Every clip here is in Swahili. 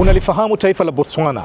Unalifahamu taifa la Botswana?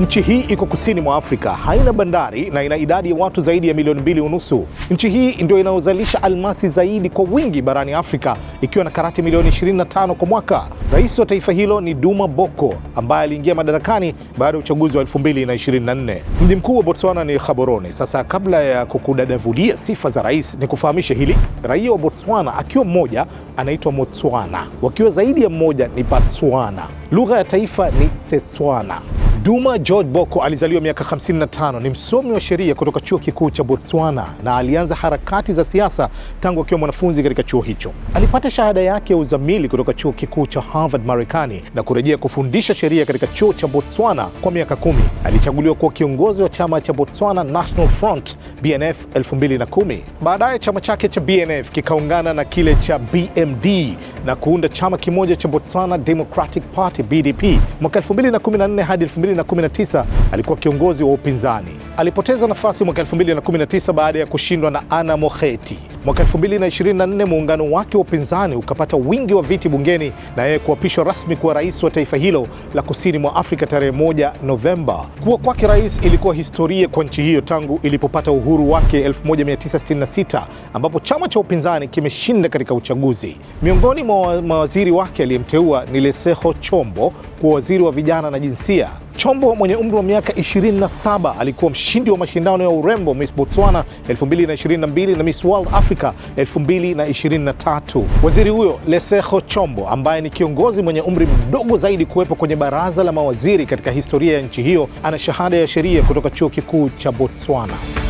Nchi hii iko kusini mwa Afrika, haina bandari na ina idadi ya watu zaidi ya milioni mbili unusu. Nchi hii ndio inayozalisha almasi zaidi kwa wingi barani Afrika, ikiwa na karati milioni 25 kwa mwaka. Rais wa taifa hilo ni Duma Boko ambaye aliingia madarakani baada ya uchaguzi wa 2024. Mji mkuu wa Botswana ni Gaborone. Sasa, kabla ya kukudadavulia sifa za rais, ni kufahamishe hili: raia wa Botswana akiwa mmoja anaitwa Motswana, wakiwa zaidi ya mmoja ni Batswana. Lugha ya taifa ni Setswana. Duma George Boko alizaliwa miaka 55. Ni msomi wa sheria kutoka chuo kikuu cha Botswana na alianza harakati za siasa tangu akiwa mwanafunzi katika chuo hicho. Alipata shahada yake ya uzamili kutoka chuo kikuu cha Harvard, Marekani, na kurejea kufundisha sheria katika chuo cha Botswana kwa miaka kumi. Alichaguliwa kuwa kiongozi wa chama cha Botswana National Front BNF 2010. Baadaye chama chake cha BNF kikaungana na kile cha BMD na kuunda chama kimoja cha Botswana Democratic Party BDP mwaka 2014 hadi 2019 alikuwa kiongozi wa upinzani. Alipoteza nafasi mwaka 2019 baada ya kushindwa na ana Moheti. Mwaka 2024 muungano wake wa upinzani ukapata wingi wa viti bungeni na yeye kuapishwa rasmi kuwa rais wa taifa hilo la kusini mwa Afrika tarehe 1 Novemba. Kuwa kwake rais ilikuwa historia kwa nchi hiyo tangu ilipopata uhuru wake 1966 ambapo chama cha upinzani kimeshinda katika uchaguzi. Miongoni mwa mawaziri wake aliyemteua ni Lesego Chombo kuwa waziri wa vijana na jinsia. Chombo mwenye umri wa miaka 27 alikuwa mshindi wa mashindano ya urembo Miss Botswana 2022 na Miss World Africa 2023. Waziri huyo Lesego Chombo, ambaye ni kiongozi mwenye umri mdogo zaidi kuwepo kwenye baraza la mawaziri katika historia ya nchi hiyo, ana shahada ya sheria kutoka chuo kikuu cha Botswana.